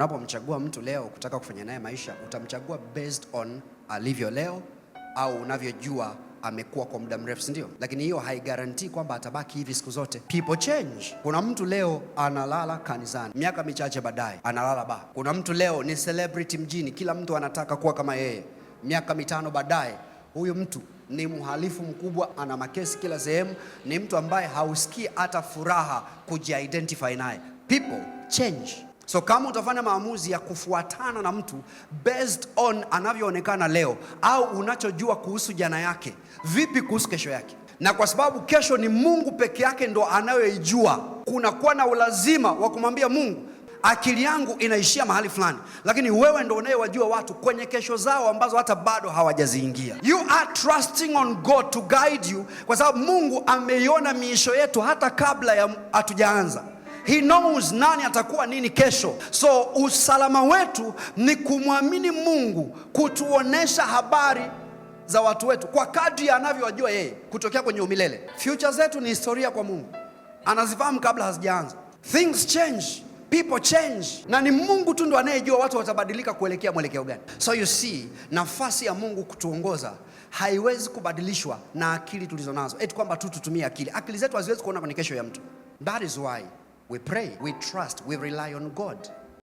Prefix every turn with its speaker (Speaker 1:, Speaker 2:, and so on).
Speaker 1: Unapomchagua mtu leo kutaka kufanya naye maisha, utamchagua based on alivyo leo au unavyojua amekuwa kwa muda mrefu, sindio ndio? Lakini hiyo haigarantii kwamba atabaki hivi siku zote. People change. Kuna mtu leo analala kanisani, miaka michache baadaye analala ba. Kuna mtu leo ni celebrity mjini, kila mtu anataka kuwa kama yeye, miaka mitano baadaye huyu mtu ni mhalifu mkubwa, ana makesi kila sehemu, ni mtu ambaye hausikii hata furaha kujiidentify naye. People change. So kama utafanya maamuzi ya kufuatana na mtu based on anavyoonekana leo au unachojua kuhusu jana yake, vipi kuhusu kesho yake? Na kwa sababu kesho ni Mungu peke yake ndo anayoijua, kunakuwa na ulazima wa kumwambia Mungu, akili yangu inaishia mahali fulani, lakini wewe ndo unayewajua watu kwenye kesho zao ambazo hata bado hawajaziingia. You are trusting on God to guide you, kwa sababu Mungu ameiona miisho yetu hata kabla ya hatujaanza. He knows nani atakuwa nini kesho. So usalama wetu ni kumwamini Mungu kutuonesha habari za watu wetu kwa kadri anavyojua yeye kutokea kwenye umilele. Future zetu ni historia kwa Mungu, anazifahamu kabla hazijaanza. Things change, people change, na ni Mungu tu ndo anayejua watu watabadilika kuelekea mwelekeo gani. So you see, nafasi ya Mungu kutuongoza haiwezi kubadilishwa na akili tulizonazo, eti kwamba tu tutumie akili. Akili zetu haziwezi kuona kwenye kesho ya mtu. That is why We pray, we trust, we rely on God.